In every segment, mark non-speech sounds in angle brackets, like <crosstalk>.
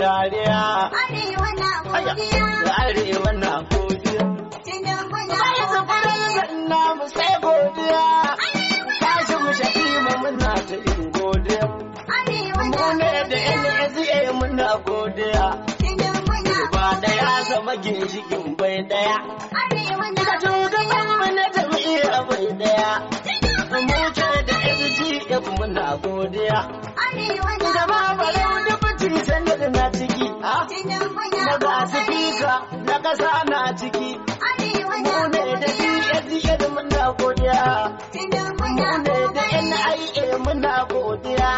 dariya. Arewa na godiya. Arewa na godiya. Tinubu na godiya. Na mu sai godiya. Tashi mu shafi mu muna ta yin godiya. Arewa na godiya. Mu ne da NSA muna godiya. Tinubu na godiya. Ba daya sama ginshikin bai daya. Arewa na godiya. Ka tudu yan mu na jam'iyya bai FM muna godiya. Arewa na Jama'a bare wani bincin sanar na ciki. Ah. Na ga na kasa na ciki. Arewa na Mu ne da DSS muna godiya. Mu ne da NIA muna godiya.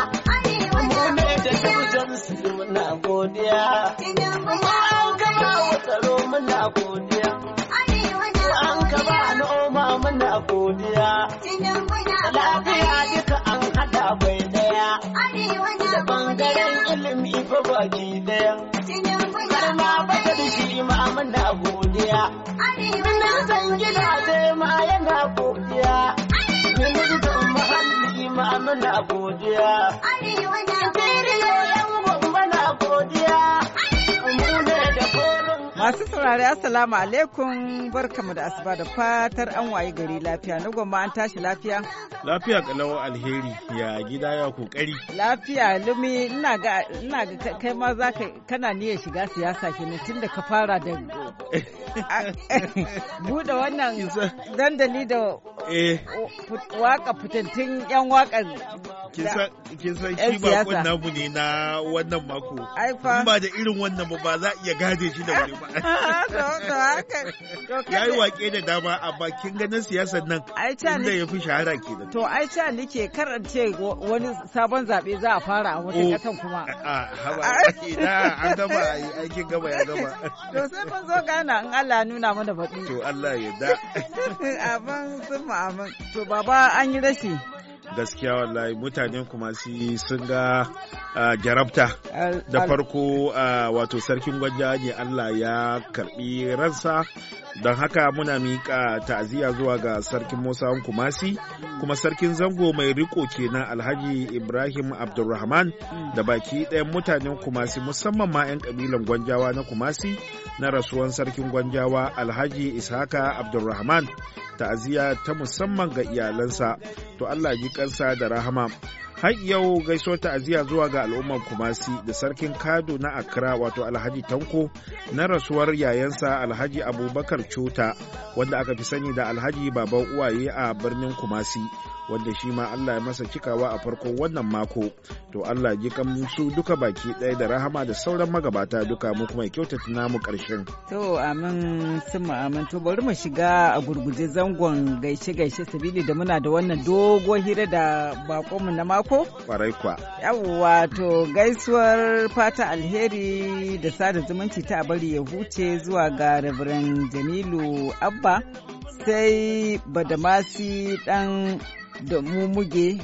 na Mu ne da Jones muna godiya. Mu an tsaro muna godiya. Mu an muna godiya. bangaren ilimi fa baki daya. Garma baka da shi ma muna godiya. Ministan gidaje ma yana godiya. Ministan muhalli ma muna godiya. Masu saurari Assalamu alaikum barkamu da asuba da fatar an waye gari lafiya na gwamma an tashi lafiya. Lafiya kalawar alheri ya gida ya kokari. Lafiya lumi ina ga kai ma za ka kana niyyar shiga siyasa tun da ka fara da <laughs> buɗe wannan dandali da eh. waka fitattun yan waka kin san ki bakon namu ne na wannan mako in ba da irin wannan ba za a iya gaje shi da wani ba <laughs> ah, <laughs> ya yi wake da dama a bakin ganin siyasar nan inda ya fi shahara ke da to ai ca nike karance wani sabon zaɓe za a fara a wata kasan oh. kuma <laughs> ah, an gama aikin gama ya gama to sai mun zo gana in Allah nuna mana baɗi to Allah ya da abin sun mu ma'amin to baba an yi rashi gaskiya wallahi mutane kuma sun ga ah, jarabta da farko ah, wato sarkin gwanja ne Allah ya karbi ransa don haka muna miƙa ta'aziyya zuwa ga sarkin Musa Kumasi kuma sarkin zango mai riko kenan Alhaji Ibrahim Abdulrahman mm. da baki ɗayan mutanen Kumasi musamman ma 'yan kabilan Gwanjawa na Kumasi na rasuwan sarkin Gwanjawa Alhaji Ishaka Abdulrahman ta'aziyya ta musamman ga iyalansa to Allah ji kansa da rahama har yau gaisuwar ta'aziyya zuwa ga al'ummar kumasi da sarkin kado na akra wato alhaji tanko na rasuwar yayansa alhaji abubakar cuta wanda aka fi sani da alhaji baban uwaye a birnin kumasi wanda shi ma allah ya masa cikawa a farko wannan mako to allah ji su duka baki ɗaya da rahama da sauran magabata duka mu kuma kyautata namu ƙarshen to amin sun amin to bari mu shiga a gurguje zangon gaishe gaishe sabili da muna da wannan dogon hira da bakonmu na mako ko? Kwarai kuwa. Yawwa to gaisuwar fata alheri da sada zumunci ta bari ya huce zuwa ga Reverend Jamilu Abba sai Badamasi ɗan da mumuge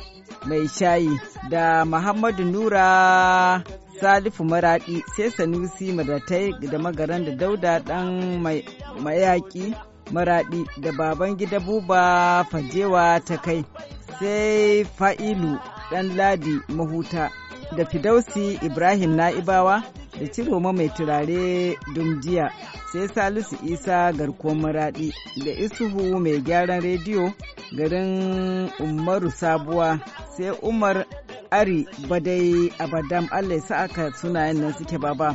mai shayi da Muhammadu Nura Salifu Maraɗi sai Sanusi Madatai da magaran da Dauda ɗan mayaƙi Maraɗi da baban gida buba fajewa ta kai sai fa'ilu ɗan ladi mahuta da fidausi ibrahim na'ibawa da ciroma mai turare dumjiya sai salisu isa garkuwar maraɗi da isuhu mai gyaran rediyo garin umaru sabuwa sai umar ari badai abadam allah sa aka sunayen nan suke baba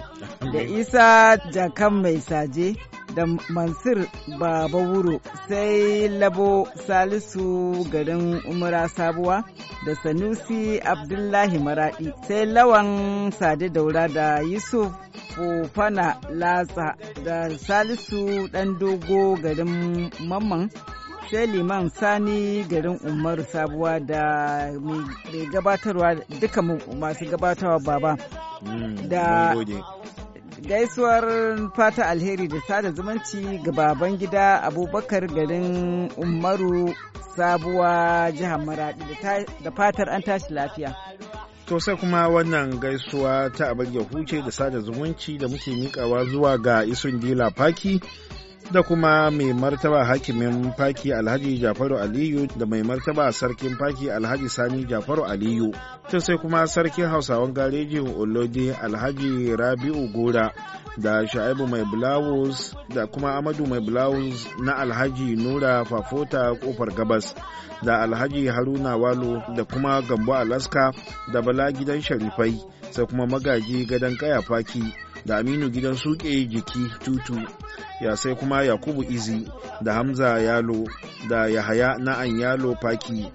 da isa jakan mai saje da Mansur Baba Wuro sai Labo Salisu garin Umara Sabuwa da Sanusi Abdullahi Maradi sai Lawan Sadi Daura da Yusuf Fofana Latsa da Salisu Ɗandogo Dogo garin Mamman sai liman sani garin umaru sabuwa da mai gabatarwa duka masu gabatarwa baba mm, da gaisuwar fata alheri da sada zumunci ga baban gida abubakar garin umaru sabuwa jihar maradi da fatar an tashi lafiya to sai kuma wannan gaisuwa ta abin huce da sada zumunci da muke mikawa zuwa ga isun dila faki da kuma mai martaba hakimin faki alhaji jafaru aliyu da mai martaba sarkin faki alhaji sani jafaru aliyu ta sai kuma sarkin hausawan garejin olodi alhaji rabi'u gora da sha'ibu mai bulawus da kuma amadu mai bulawus na alhaji nura fafota kofar gabas da alhaji haruna walo da kuma gambo alaska da bala gidan sharifai sai kuma magaji gadon kaya faki da aminu gidan suke jiki tutu ya sai kuma yakubu izi da hamza yalo da yahaya na'an yalo paki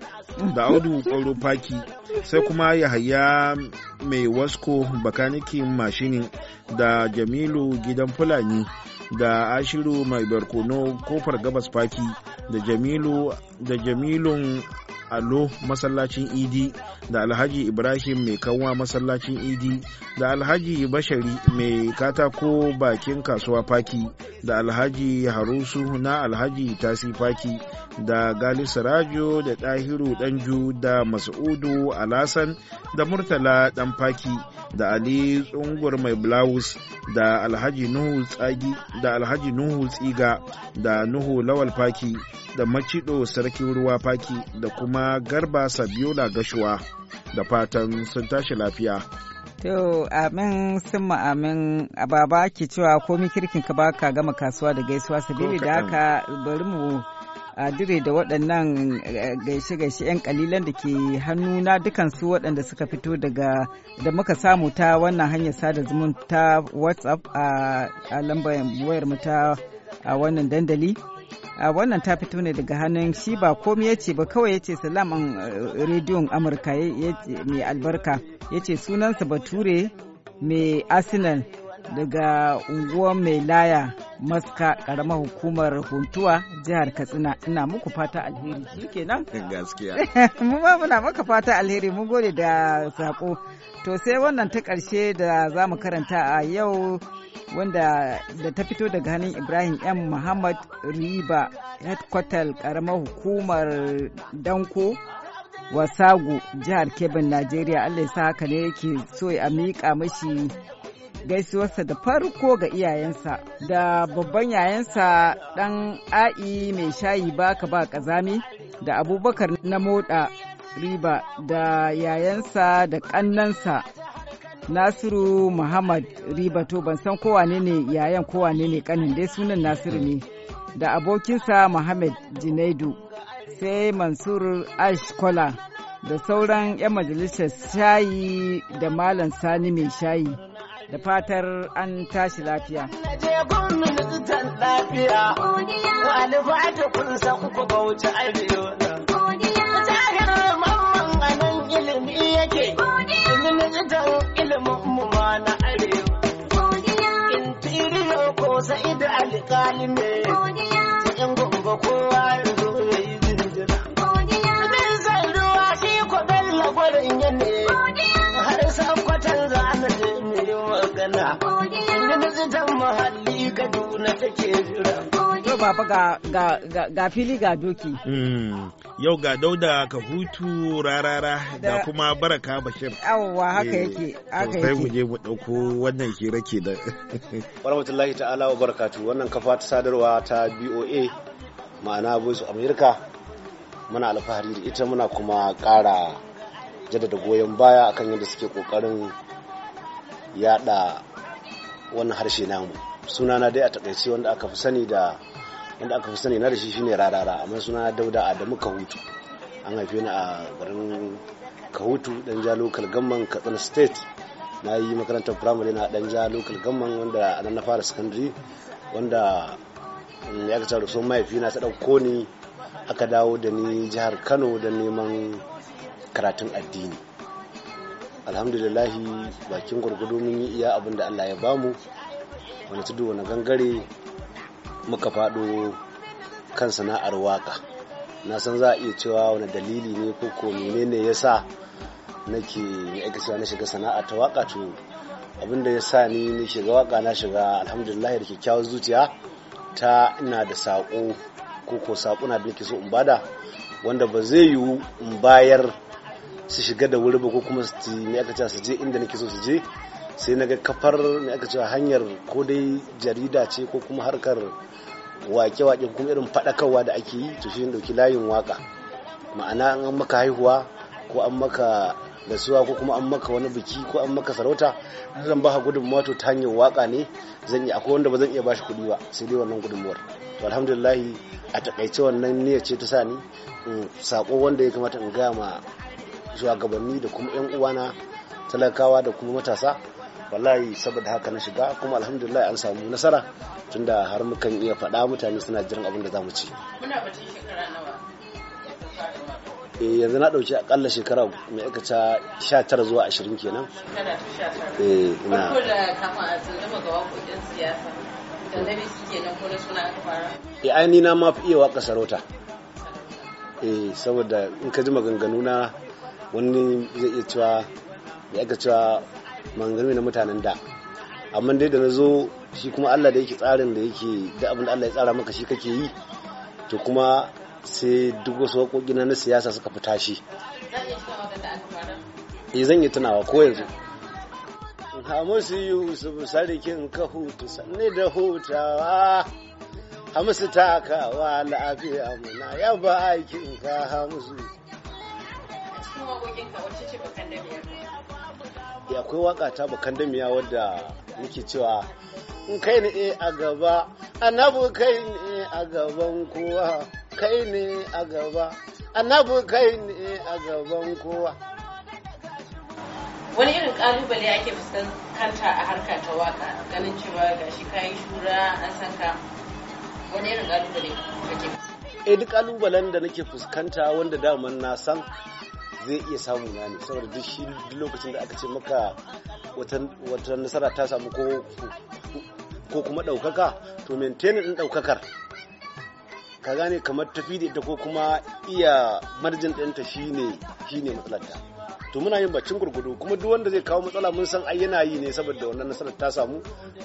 da audu kwaro paki sai kuma yahaya mai wasko bakanikin mashinin da jamilu gidan fulani da ashiru mai barkono kofar gabas faki da jamilun allo masallacin idi da alhaji ibrahim mai kanwa masallacin idi da alhaji bashari mai katako bakin kasuwa faki da alhaji harusu na alhaji tasi faki da gali Rajo da ɗahiru ɗanju da mas'udu alasan da murtala ɗan faki da ali tsungur mai blouse da alhaji nuhu tsagi da alhaji nuhu tsiga da nuhu lawal faki da macido sarkin ruwa faki da kuma kuma garba sabiola gashuwa da fatan sun tashi lafiya To amin sun amin a baba ke cewa komi kirkin ka baka gama kasuwa da gaisuwa sabili da haka bari mu a dire da waɗannan gaishe-gaishe eh, 'yan kalilan da ke hannuna dukansu waɗanda suka fito daga da muka samu ta wannan hanyar sada zumunta whatsapp a lambar wayar mu ta wannan dandali a wannan ta fito ne daga hannun shi ba komai ya ce ba kawai ya ce salaman eh, rediyon amurka mai albarka ya ce sunansa bature mai arsenal daga unguwar mai laya maska karamar hukumar huntuwa jihar katsina ina muku fata alheri shi kenan gaskiya <laughs> mu muna maka fata alheri mun gode da sako to sai wannan ta karshe da za mu karanta a yau wanda da ta fito daga hannun ibrahim m muhammad riba headquarter karamar hukumar danko wasago jihar kebin najeriya allah ya sa haka ne yake so ya miƙa mashi gaisuwarsa da farko ga iyayensa da babban yayansa dan a'i mai shayi baka ba kazami da abubakar na moda riba da yayansa da kannansa Nasiru Muhammad Ribato ban san kowane ne yayan kowane ne kanin dai sunan Nasiru ne da abokinsa Muhammad Junaidu sai Mansur Kola da sauran 'yan majalisar shayi da Malam Sani mai shayi da fatar an tashi lafiya. Don't mu ma na arewa. In tiriyo ko sa'idu alƙali ne. Su in gungo kowa ya zo ya yi jinjina. Abin zai ruwa shi ko bella gwarin ya ne. Har sakwatan za na je mu yi magana. Ministan muhalli Kaduna take jira. baba ga fili ga doki. Hmm. Yau ga dauda ka hutu rarara da kuma baraka bashir. Yawwa haka eh, yake. Sai mu je mu dauko wannan hira ke da. <laughs> Warahmatullahi ta'ala wa barakatu wannan kafa ta sadarwa ta BOA ma'ana Voice of America muna alfahari da ita muna kuma ƙara jaddada goyon baya akan yadda suke ƙoƙarin yada wannan harshe namu sunana dai a takaice wanda aka fi sani da wanda aka fi sani na da shi shine rarara amma suna dauda adamu kahutu an haife ni a garin kahutu dan ja local gamman katsina state na yi makarantar firamare na dan ja local gamman wanda a nan na fara secondary wanda mm, ya kaca so mai fina ta dauko ni aka dawo da ni jihar kano da neman karatun addini alhamdulillahi bakin gwargwado mun yi iya abin da allah ya bamu wani tudu wani gangare muka faɗo kan sana'ar waka na san za a iya cewa wani dalili ne ko ko menene ya sa nake aika cewa na shiga sana'a ta waka to abinda ya sa ni na shiga waka na shiga alhamdulillah da kyakkyawar zuciya ta ina da saƙo ko ko saƙuna da nake so in bada wanda ba zai yiwu in bayar su shiga da wuri ba ko kuma su aka cewa su je inda nake so su je sai na ga kafar ne aka cewa hanyar ko dai jarida ce ko kuma harkar wake-wake kuma irin faɗakarwa da ake yi to shi ne ɗauki layin waka ma'ana an maka haihuwa ko an maka gasuwa ko kuma an maka wani biki ko an maka sarauta zan baka gudunmawa to ta hanyar waka ne zan yi akwai wanda ba zan iya bashi kuɗi ba sai dai wannan gudunmawar to alhamdulillah a takaice wannan niyyar ce ta sa ni mm, sako wanda ya kamata in gaya ma shugabanni da kuma 'yan uwana talakawa da kuma matasa wallahi saboda haka na shiga kuma alhamdulillah an samu nasara tunda har mukan iya faɗa mutane suna jiran abin da zamu ci muna batun shekara nawa eh yanzu na dauki akalla shekara mai aikata 19 zuwa 20 kenan eh ina da kafin a tsunduma ga wakokin siyasa da nabi ko na suna aka fara eh na ma fi iya waka sarauta eh saboda in ka ji maganganu na wani zai iya cewa ya aka cewa maganganu na mutanen da amma dai da na zo shi kuma Allah da yake tsarin da yake da abin da Allah ya tsara maka shi kake yi to kuma sai duk wasu waƙoƙi na siyasa suka fi tashi E, eh, zan yi tunawa ko yanzu Hamisu Yusuf sarkin ka hutu sanni da hutawa Hamisu takawa lafiya muna ya ba aikin ka Hamisu. A cikin ka wacce ce bakan da biyar? Eh, akwai waka ta bakan damiya wadda muke cewa in kai ne a gaba annabu kai ne a gaban kowa kai ne a gaba annabu kai ne a gaban kowa wani irin kalubale ake fuskanta a harka ta waka ganin cewa gashi kayan shura an ka. wani irin kalubale ake fuskanta eh duk kalubalen da nake fuskanta wanda daman na san zai iya samu na ne saboda duk shi lokacin da aka ce maka wata nasara ta samu ko kuma ɗaukaka to maintainer ɗin ɗaukakar ka gane kamar tafi da ita ko kuma iya marjin ɗinta shine shine matsalarta to muna yin bacin gurgudu kuma duk wanda zai kawo matsala mun san ai yana yi ne saboda wannan nasarar ta samu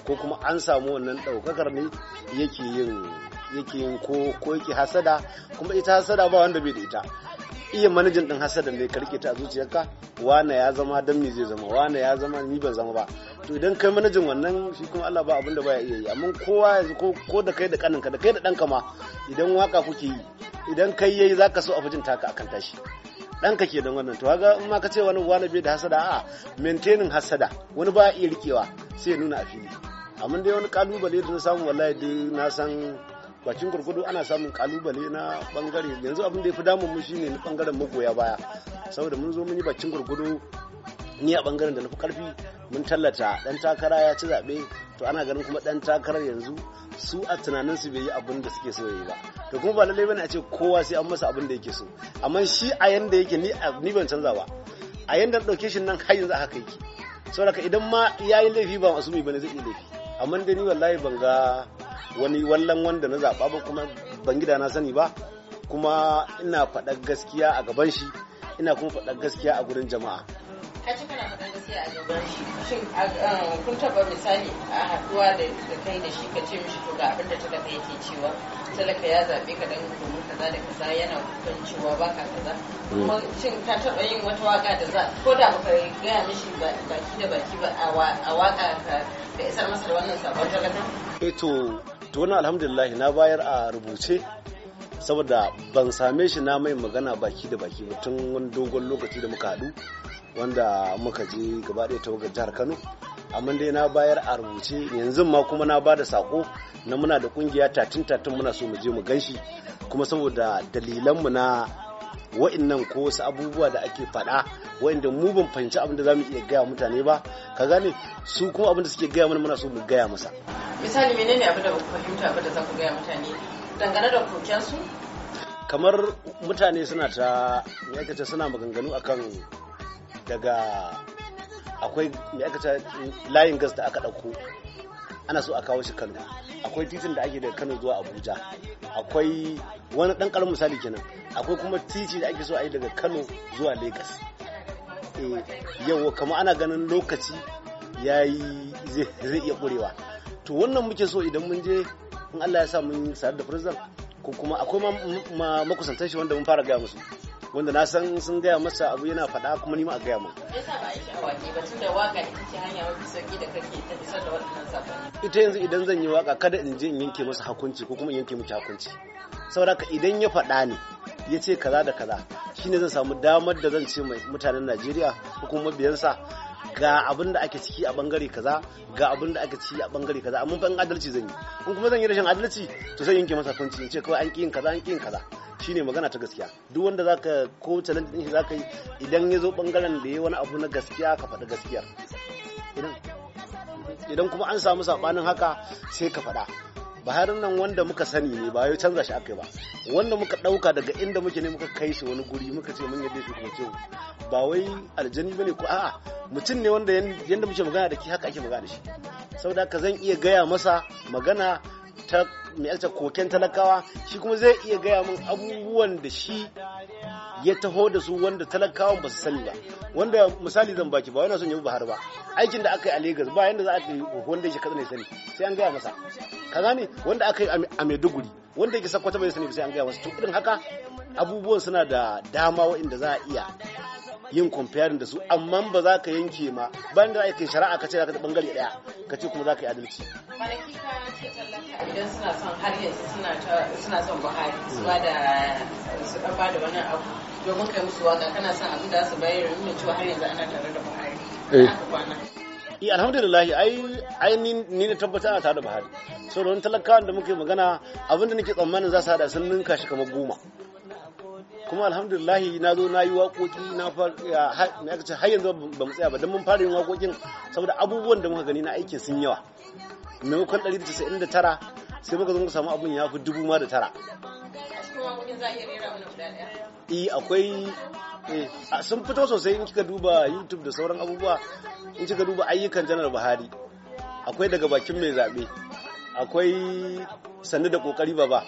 ko kuma an samu wannan ɗaukakar ne yake yin yake yin ko ko yake hasada kuma ita hasada ba wanda bai da ita iya manajin din hasada ne karke ta zuciyarka wane ya zama dan me zai zama wane ya zama ni ban zama ba to idan kai manajin wannan shi kuma Allah ba abinda ba baya iya yi amma kowa yanzu ko ko da kai da kaninka da kai da danka ma idan waka kuke yi idan kai yayi zaka so a fujin taka akan tashi ka ke don wannan to kaga in ma ka ce wani wani bai da hasada a maintaining hasada wani ba iya rikewa sai ya nuna a fili amma dai wani kalubale da na samu wallahi dai na san bakin gurgudu ana samun kalubale na bangare yanzu abin da ya fi damun mu shine na bangaren magoya baya saboda mun zo mun yi bakin gurgudu ni a bangaren da na fi karfi mun tallata dan takara ya ci zabe to ana ganin kuma dan takarar yanzu su a tunanin su bai yi abin da suke so yayi ba to kuma ba lallai bane a ce kowa sai an masa abin da yake so amma shi a yanda yake ni ni ban canza ba a yanda na dauke shi nan har yanzu haka yake saboda idan ma yayi laifi ba masu mai bane zai yi laifi amma dai ni wallahi ban ga wani wallan wanda na zaɓa ba kuma ban gida na sani ba kuma ina faɗar gaskiya a gaban shi ina kuma faɗar gaskiya a gurin jama'a ka ci kana faɗan gaskiya a gaban shi shin kun taɓa misali a haɗuwa da kai da shi ka ce mishi to ga abin da ta kai yake cewa talaka ya zaɓe ka dan domin kaza da kaza yana kukan cewa ka kaza kuma shin ka taɓa yin wata waka da za ko da baka gaya mishi baki da baki ba a waka ka isar masa da wannan sabon talaka? eh to to wani alhamdulillah na bayar a rubuce saboda ban same shi na mai magana baki da baki ba tun wani dogon lokaci da muka haɗu wanda muka je gaba ɗaya tawagar jihar kano amma dai na bayar a rubuce yanzu ma kuma na bada sako na muna da ƙungiya tatin tatin muna so mu je mu gan ganshi kuma saboda dalilanmu na nan ko wasu abubuwa da ake faɗa da mu ban fahimci abin da za mu iya gaya mutane ba ka gane su kuma abin da suke gaya mana muna so mu gaya masa misali menene abin da ba ku fahimta abin da za ku gaya mutane dangane da kokensu? kamar mutane suna ta ma'aikata suna maganganu akan daga akwai ma'aikata layin gas da aka ɗauko ana so a kawo shi kano akwai titin da ake daga kano zuwa abuja akwai wani ɗan ƙaramin misali kenan akwai kuma titi da ake so a yi daga kano zuwa lagos eh, yau kama ana ganin lokaci ya yi zai iya ƙurewa to wannan muke so idan mun je in Allah ya sa mun sadu da firzan ko kuma akwai makusantan shi wanda mun fara gaya musu wanda na san sun gaya masa abu yana faɗa kuma ni ma a gaya mu. Yasa ba aiki a waƙe ba tunda waka ita ce hanya da kake ta da waɗannan sakonni. Ita yanzu idan zan yi waka kada in je in yanke masa hakunci ko kuma in yanke miki hakunci. Saboda ka idan ya faɗa ne ya ce kaza da kaza shine zan samu damar da zan ce mai mutanen Najeriya ko kuma mabiyansa ga abin da ake ciki a bangare kaza ga abin da ake ciki a bangare kaza amma ban adalci zan yi in kuma zan yi rashin adalci to sai yanke masa hukunci in ce kawai an kiyin kaza an kiyin kaza shine magana ta gaskiya duk wanda zaka ko challenge din shi zaka yi idan ya bangaren da ya wani abu na gaskiya ka faɗi gaskiyar idan kuma an samu saɓanin haka sai ka faɗa baharin nan wanda muka sani ne ba yau canza shi aka ba wanda muka ɗauka daga inda muke ne muka kai shi wani guri muka ce mun yadda shi kuma ce ba wai aljani ne ko a'a mutum ne wanda yadda muke magana da ki haka ake magana da shi saboda ka zan iya gaya masa magana ta mai koken talakawa shi kuma zai iya gaya min abubuwan da shi ya taho da su wanda talakawan ba su sani ba wanda misali zan baki ba wani son yabi Buhari ba aikin da aka yi a Lagos ba yadda za a yi wanda yake katsina ya sani sai an gaya masa ka gane wanda aka yi a Maiduguri wanda yake sakwata bai sani ba sai an gaya masa to irin haka abubuwan suna da dama waɗanda za a iya yin comparing da su amma ba za ka yanke ma ban da aikin shari'a ka ce za ka bangare daya ka ce kuma za ka yi adalci kwanaki ka ce tallafi idan suna son har yanzu suna son buhari su mm. ba da su ba da wani abu domin kai musu waka kana son abin da su bayar nuna cewa har yanzu ana tare da buhari eh. eh alhamdulillah ai ai ni ne tabbata ana tare da buhari saboda wani talakawan da muke magana abin da nake tsammanin za su hada sun ninka shi kamar goma kuma alhamdulillahi na zo na yi waƙoƙi na ce har yanzu ba mu tsaya ba don mun fara yin waƙoƙin saboda abubuwan da muka gani na aikin sun yawa maimakon 199 sai muka zo muka samu abin ya fi dubu ma da tara i e, akwai e, sun fito sosai in kika duba youtube da sauran abubuwa in kika duba ayyukan janar buhari akwai daga bakin mai zaɓe akwai sannu da ƙoƙari ba ba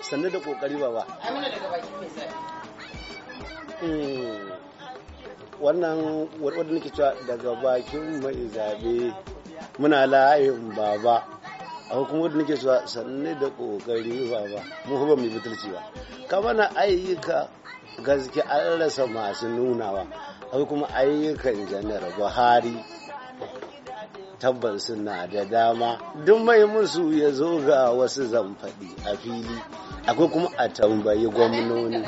sannu da ƙoƙari ba ba wannan wadda nake cewa daga bakin mai zabe muna layin baba a kuma wadda nake cewa sanne da kokari baba mu ba mu butulci ba kama na ayyuka gaske an rasa masu nunawa akwai kuma ayyukan janar buhari tabbas suna da dama duk mai musu ya zo ga wasu zamfaɗi a fili akwai kuma a tambayi gwamnoni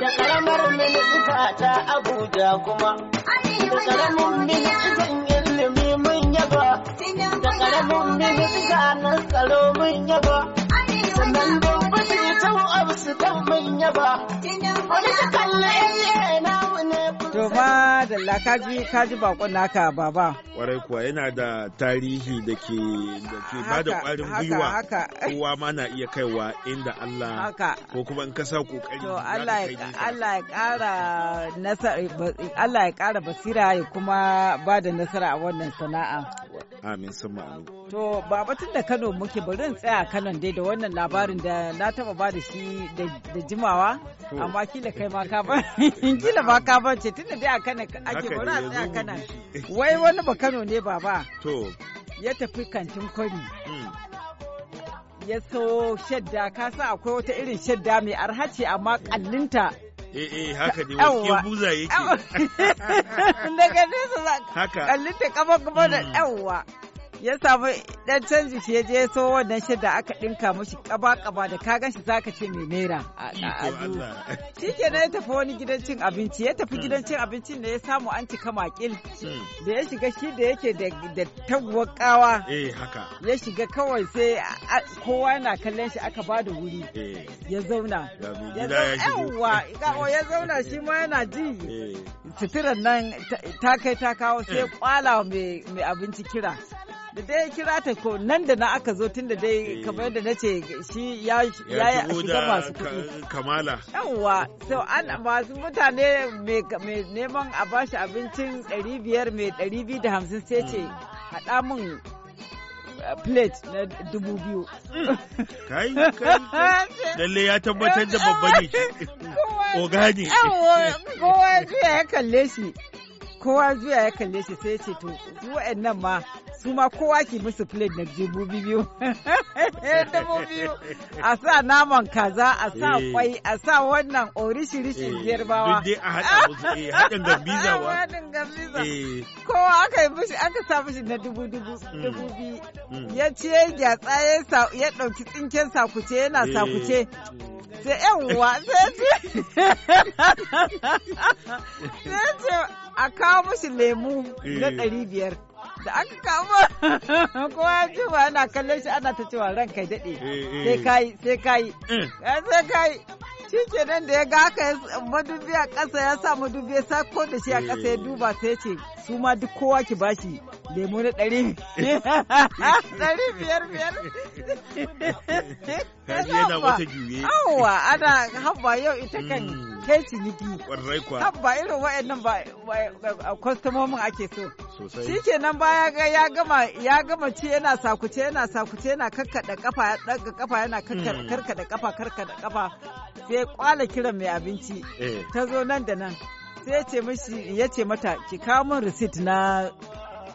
da karamar minista ta abuja kuma da karamin ministan ilimi mun yaba da karamin minista na tsaro mun yaba sannan gwamnati ta abu su kan mun yaba wani ta kalla na To ma da kaji kaji bakon naka baba. Kwarai kuwa yana da tarihi da ke da ke ba da kwarin gwiwa. Kowa ma na iya kaiwa inda Allah ko kuma in ka sa kokari. To Allah ya kara nasara Allah ya kara basira ya kuma ba da nasara a wannan sana'a. Amin sun ma'anu. To baba tun da Kano muke bari in tsaya Kanon dai da wannan labarin da na taba ba da shi da jimawa amma kila kai ma ka ba <laughs> kila ba ka ba ce tun da dai kana ake bari a tsaya kana <laughs> wai wani ba Kano ne baba to ya tafi kantin kwari hmm. ya so shadda ka sa akwai wata irin shadda mai arhace amma kallinta eh eh haka ne ke buza yake <laughs> daga nesa kallinta kafa kuma da hmm. yawwa ya samu dan canji shi ya je so wannan shida aka dinka mashi kaba-kaba da ka ganshi shi zaka ce mai naira shi ke ya tafi wani gidan cin abinci ya tafi gidan cin abincin da ya samu an cika makil hmm. da ya shiga shi da yake da taguwa kawa eh, ya shiga kawai sai kowa yana kallon shi aka bada wuri eh. ya zauna ya zauna shi ma yana ji eh. suturan nan ta kai ta kawo sai kwala mai abinci kira da dai kira ta ko nan da na aka zo tun da dai eh. kamar da na ce shi ya ya shiga masu kuɗi kamala yawa so an masu mutane mai neman a bashi abincin 500 mai 250 sai ce mm. haɗa mun eh, plate na dubu biyu. Kai, kai, <laughs> lalle ya tabbatar da babban ne. Oga ne. Kowa ya kalle shi. kowa zuwa ya kalle shi sai ce to nan ma su ma kowa ke musu plate na jibu <laughs> biyu a sa naman kaza a sa eh. kwai a sa wannan orishi-rishi biyar eh, bawa duk dai a eh, haɗin gambiza wa <laughs> haɗin gambiza kowa aka yi mishi aka sa mishi na dubu dubu hmm. dubu biyu hmm. ya ce ya gyatsa ya ɗauki tsinken sakuce yana sakuce da yanwa sai ce a kawo musu lemu na eh. ɗari biyar da aka kawo <laughs> kowa ya ce ba ana kallon shi ana ta cewa ran kai daɗe eh, eh. sai kayi sai kayi sai kayi shi nan da ya ga haka madubi a ƙasa ya sa madubi ya sako da shi a ƙasa ya eh. duba sai ce su ma duk kowa ki bashi lemo na ɗari <laughs> ɗari biyar biyar kaji yana wata juye awa ana haba yau ita kan mm. kai ciniki Haba irin wa'annan ba kwastomomin ake so sosai shikenan baya ga ya gama ya gama ci yana sakuce yana sakuce yana karkada kafa ya daga kafa yana karkada hmm. kafa karkada kafa sai kwala kiran mai abinci eh. ta zo nan da nan sai ya ce mishi ya ce mata ki kawo min receipt na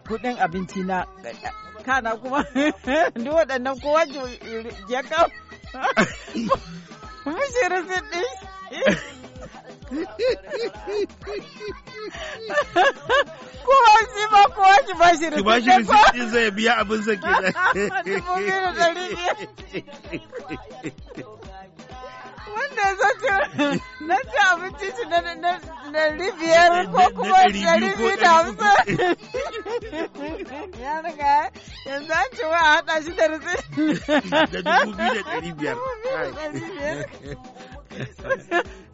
kudin abinci na kana kuma <laughs> duk waɗannan kowa ya kawo <laughs> mishi receipt din <laughs> ko shi ba ko shi ba shi da ba shi da zai biya abin sa ke da wanda ya zace na ci abinci shi na ɗari biyar ko kuma ɗari biyu da hamsin ya riga yanzu an wa a haɗa shi da da dubu biyu da ɗari biyar <laughs>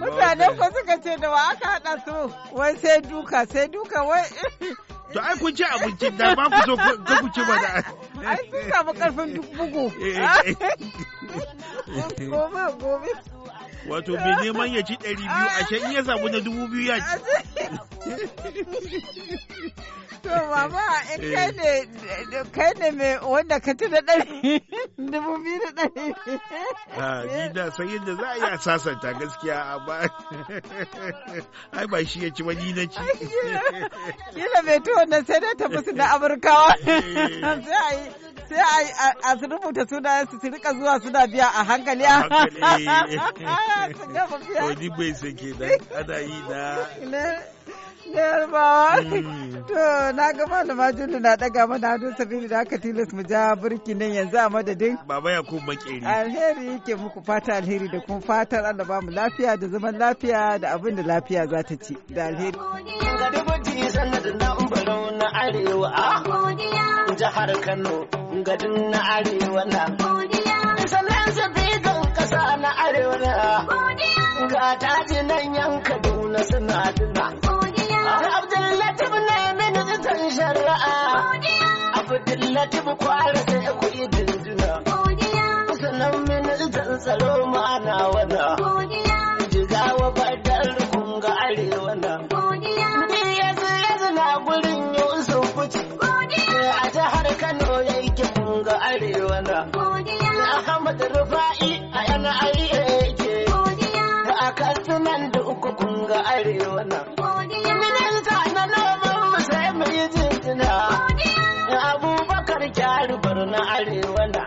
mutanen ku suka ce da wa aka haɗa su wai sai duka sai duka wai to ai kun ci abinci da ba ku so ka ku ci ba da ai sun samu karfin duk bugu eh, eh, eh. gobe gobe wato bai neman ya ci ɗari biyu a shan iya samu na dubu biyu ya ci <laughs> to mama in eh, kai ne eh, kai ne mai wanda ka ci da ɗari <laughs> dubu biyu da ɗari a ah, ni da san yadda za a yi a sasanta gaskiya amma <laughs> ai ba shi ya ci wani na ci kila mai tuwon na sai da tafi su na amurkawa eh. sai a yi sai a su rubuta suna su rika zuwa suna biya a hankali a hankali. <laughs> bai sake da ana yi na yarbawa mm. <laughs> to na ga malama julu na daga mana hadu sabili da aka tilas mu ja burki nan yanzu a madadin baba yakubu makeri alheri yake muku fata alheri da kuma fatar Allah ba mu lafiya da zaman lafiya da abin da lafiya za ta ci da alheri ga dubuji sanadin na na arewa a jihar Kano gadin na arewa na sannan sabigan kasa na arewa na ga taji nan yanka duna suna duna dillatif kwara sai kuɗi jinjina. Sanan ministan tsaro ma'ana wana. Jigawa fadar rukun ga arewa na. Yanzu yanzu na gurin Yusuf Kuci. Eh, a jihar Kano ya yi kifin ga arewa na. Ahmad Rufa'i a yana aiki. Da a kasunan da uku kun ga arewa na. Minista na noman mu sai mu yi jinjina. na arewa na